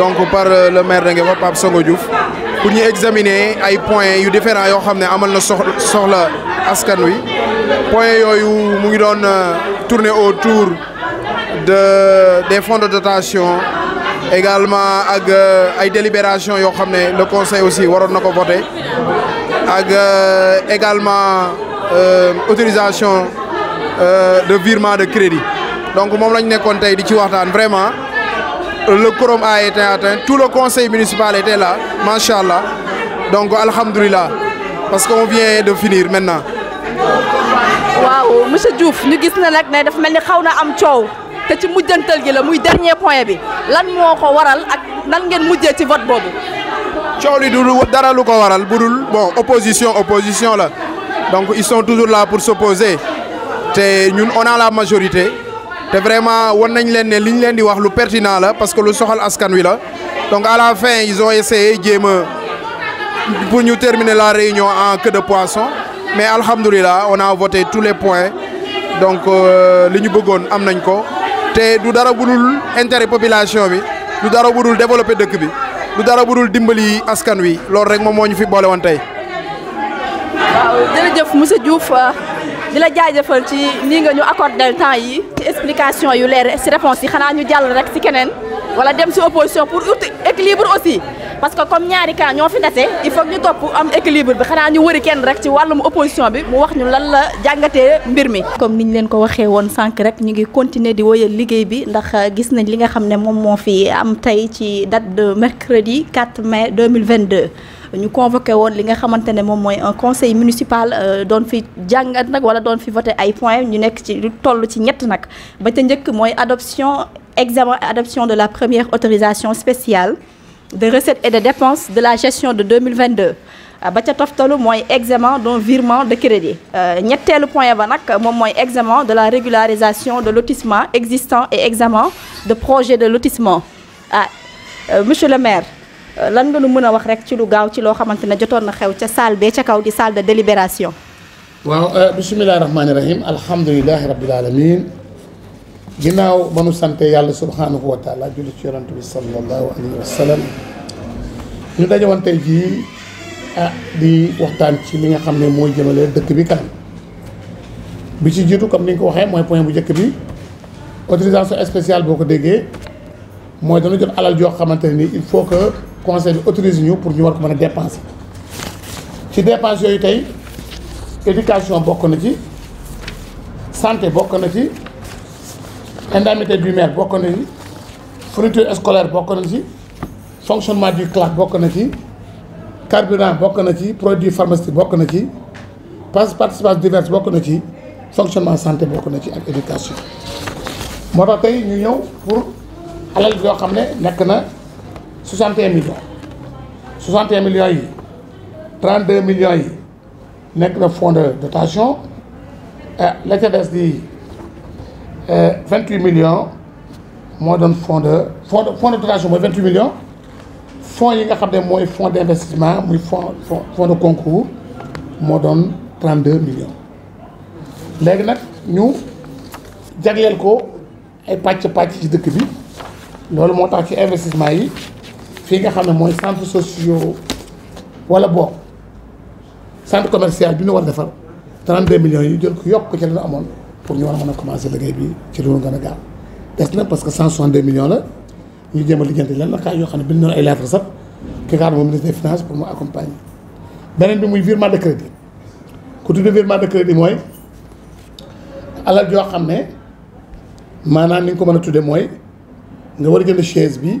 donc par euh, le maire de Nguékokh Pape Songo Diouf pour nous examiner ay points yu différents qui ont été amal na place la askan wi points qui ont ngi euh, tourner autour de des fonds de dotation également ak euh, ay délibération yoo le conseil aussi waroon na voter ak également autorisation de virement de crédit donc moom lañ nekkoon tey di ci vraiment le quorum a été atteint, tout le conseil municipal était là, Masha'Allah. Donc, Alhamdulillah, parce qu'on vient de finir maintenant. Waouh, Monsieur Diouf, nous avons vu que nous un ci mujjantal gi la muy dernier point bi lan et ko waral ak nan ngeen mujjee ci vote boobu. coow li du dara lu ko waral bu dul bon opposition opposition la donc ils sont toujours là pour s'opposer Et nous, on a la majorité. Et vraiment on nañ leen ne li le pertinent parce que lu soxal askan wi la donc à la fin ils ont essayé de pour nous terminer la réunion en queue de poisson mais alhamdulillah on a voté tous les points donc euh, li ñu bëggoon am nañ ko te du dara budul intérêt population bi du dara budul développer dëkk bi du dara budul dimbali askan wi loolu rek moom moo fi boole woon tey. waaw Diouf di la jaajëfal ci ni nga ñu accordel temps yi ci explication yu leer si réponse yi xana ñu jall rek ci keneen wala dem ci opposition pour équilibre aussi parce que comme ñaari cas ñoo fi dese il faut ñu top am équilibre bi xana ñu wëri kenn rek ci walum opposition bi mu wax ñu lan la jàngatee mbir mi. comme niñ leen ko waxee woon sànq rek ñu ngi continuer di woyal liggéey bi ndax euh, gis nañ li nga xam ne moom moo fi am tey ci date de mercredi 4 mai 2022 ñu convoqué woon li nga xamante un conseil municipal qui euh, fi jàngat wala fi voté ay points point. Nous ci voté toll ci ñett nag ba voté. njëkk adoption examen adoption de la première autorisation spéciale de recettes et de dépenses de la gestion de 2022 euh, ba ca toftalu mooy examen d'un virement de crédit euh, ñetteelu point ba nag moom mooy examen de la régularisation de lotissement existant et examen de projet de lotissement ah, monsieur le maire euh, lan nga ñu mëna wax rek ci lu gaaw ci lo xamante ne jotoon na xew ci salle bee ci kaw di salle de délibération. waaw euh, bisimilah rahmaani rahim alhamdulilah rabbil alamin ginnaaw ba nu sant yàlla subhaanahu wa taala julli ci yonent bi sallallahu alayhi wa sallam ñu dajewoon won tay ji ah, di waxtaan ci li nga xamné moy mooy dëkk bi kan bi ci jiitu comme ni nga ko waxee mooy point bu jëk bi autorisation spéciale boko déggé moy dañu dana jot alal jo xamanteni il faut que conseil bi pour ñu war ko mën Si dépenser ci dépense yooyu éducation bokk na ci santé bokk na ci indemnité du maire bokk na ci fourniture scolaire bokk na ci fonctionnement du CLAC bokk na ci carburant bokk na ci produits pharmaceutiques bokk na ci participation diverses bokk na ci fonctionnement santé bokk na ci éducation moo tax tey ñu ñëw pour aller yoo xam ne na 61 millions 61 millions 32 millions yi le fonds de dotation euh, la dit euh, 28 millions moi donne fonds de fonds de dotation moi 28 millions fonds yi nga fonds d'investissement, fonds fonds de concours moi donne 32 millions nous, nous, ñu jagleel ko ay de pàcc ci Nous bi loolu investissement fii nga xam ne mooy centre sociaux wala boog centre commercial bi ñu war a defar 32 millions yi jël ko yokk ko ci la amoon pour ñu war a mën a commencer liggéey bi ci lu mu gën a gaaw des na parce que 162 millions la ñu jéem a lijjanti lan la kaay yoo xam ne bind nañu ay lettres sax ki nga xam ne moom ministre des finances pour mu accompagner beneen bi muy virement de crédit ku tudd virement de crédit mooy alal joo xam ne maanaam ni nga ko mën a tuddee mooy nga war a jënd chaise bi.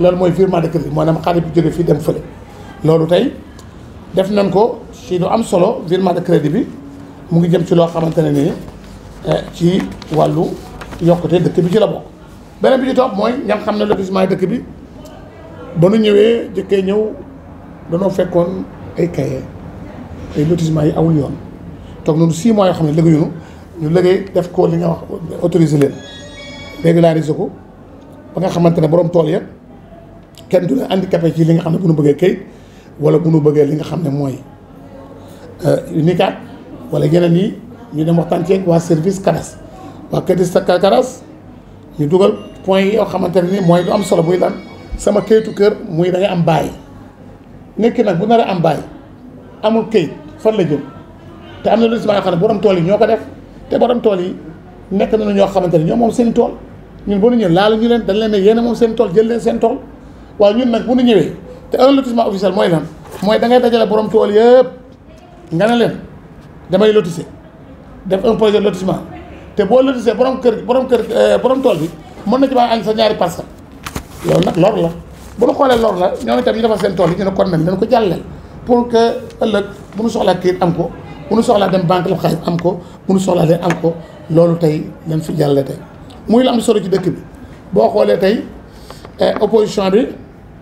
loolu mooy virement de crédit maanaam xaalis bu jóge fii dem fële loolu tey def nañ ko ci lu am solo virement de crédit bi mu ngi jëm ci loo xamante ne nii ci wàllu yokkute dëkk bi ci la bokk beneen bi ci topp mooy ñam xam ne lotissement dëkk bi ba nu ñëwee jëkkee ñëw danoo fekkoon ay cahier ay lotissement yi awul yoon toog noonu six mois yoo xam ne liggéeyuñu ñu liggéey def ko li nga wax autorisé leen régulariser ko ba nga xamante ne borom tool ya kenn du la handicapé ci li nga xam ne bu nu bëggee kayit wala bu nu bëggee li nga xam ne mooy euh, unicat wala yeneen yi ñu dem waxtaan ceeg waa service kadas waa kadis kadas ñu dugal point yi yoo xamante ne ni mooy lu am solo muy lan sama kayitu kër muy da am bàyyi nekk nag bu nar a am bàyyi amul kayit fan la jëm te am na lu si yoo xam ne borom tool yi ñoo ko def te borom tool yi nekk nañu ñoo xamante ne ñoom moom seen tool ñun ba ñu laalu ñu leen dañ leen tool jël leen seen tool. waaw ñun nag bu ñu ñëwee te un lotissement officiel mooy lan mooy da ngay dajale borom tool yëpp nga ne leen damay lotisser def un projet de lotissement te boo lotissé borom kër borom kër eh, borom tool bi mën na ci baa ànd sa ñaari parcelle loolu nag lor la bu ñu xoolee lor la ñoom itam ñu defal seen tool yi ñu ne kon nag dañ ko jàllale pour que ëllëg bu ñu soxlaa këyit am ko bu ñu soxlaa dem banque la xaalis am ko bu ñu soxlaa leen am ko loolu tey dañ fi jàllale tey am solo ci dëkk bi boo xoolee tey eh, opposition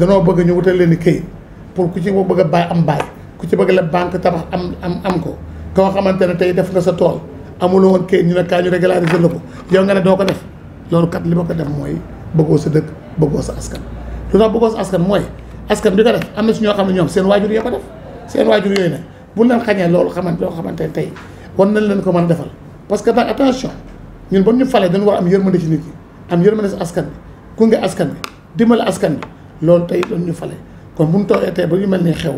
danoo bëgg ñu wutal leen i këyit pour ku ci bëgg a bàyyi am bàyyi ku ci bëgg la banque tabax am am am ko koo xamante ne tey def nga sa tool amuloo woon këyit ñu ne kaa ñu régulariser la ko yow nga ne doo ko def loolu kat li ma ko def mooy bëggoo sa dëkk bëggoo sa askan lu tax bëggoo sa askan mooy askan bi ko def am na si ñoo xam ne ñoom seen waajur yoo ko def seen waajur yooyu nag bu leen xañee xamante loo xamante ne tey war nañ leen ko mën a parce que nag attention ñun ba ñu falee dañu war am yërmande ci nit yi am yërmande si askan bi gunge askan bi dimbale askan bi loolu tey doon ñu fale kon bu ñu toogee tey ba ñu mel ni xew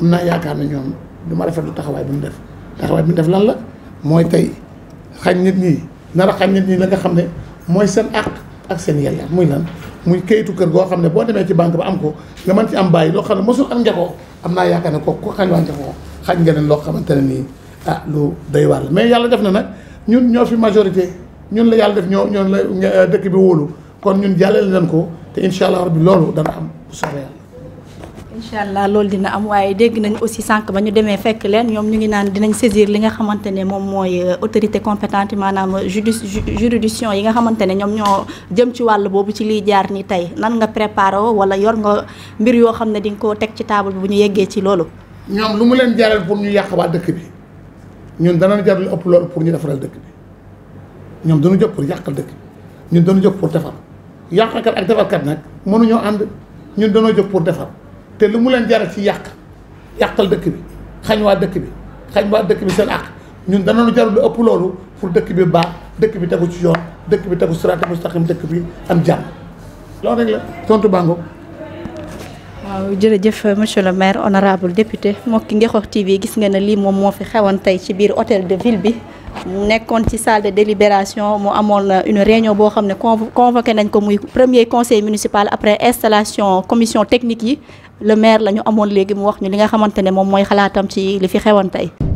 am naa yaakaar ne ñoom du ma lu taxawaay bi mu def taxawaay bi mu def lan la mooy tey xañ nit ñi nar a xañ nit ñi la nga xam ne mooy seen àq ak seen muy lan muy kayitu kër goo xam ne boo demee ci banque ba am ko nga mën am bàyyi loo xam ne mosul am njaboot am naa yaakaar ne kooku ku xañ waa njaboot xañ nga leen loo xamante ne nii ah lu doy waar la mais yàlla def na nag ñun ñoo fi majorité ñun la yàlla def ñoo ñoo la dëkk bi wóolu kon ñun jàllale leen ko te incha allah rabbi loolu dana am bu yàlla. incha allah loolu dina am waaye dégg nañ aussi sànq ba ñu demee fekk leen ñoom ñu ngi naan dinañ saisir li nga xamante ne moom mooy euh, autorité compétente maanaam euh, judi juridiction yi nga xamante ne ñoom ñoo jëm ci wàll boobu ci liy jaar ni tey nan nga préparé wala yor nga mbir yoo xam ne di nga koo teg ci taabal bi bu ñu yeggee ci loolu. ñoom lu mu leen jaral pour ñu yàq waa dëkk bi ñun danañ jaral ëpp loolu pour ñu defaral dëkk bi ñoom dañu jóg pour yàqal dëkk bi yàqkat ak defarkat nag mënuñoo ànd ñun danoo jóg pour defar te lu mu leen jaral ci yàq yàqal dëkk bi xañ waa dëkk bi xañ waa dëkk bi seen àq ñun danañu jaral lu ëpp loolu pour dëkk bi baax dëkk bi tegu ci yoon dëkk bi tegu siraatal mustaqim dëkk bi am jàmm loolu rek la tontu bango waaw jërëjëf monsieur le maire honorable député Mokki Nguékokh TV gis nga ne lii moom moo fi xewoon tey ci biir hôtel de ville bi sommes dans ci salle de délibération nous avons euh, une réunion pour convaincre le convoqué premier conseil municipal après installation commission technique le maire nous a dit léegi mu wax ñu li nga xamante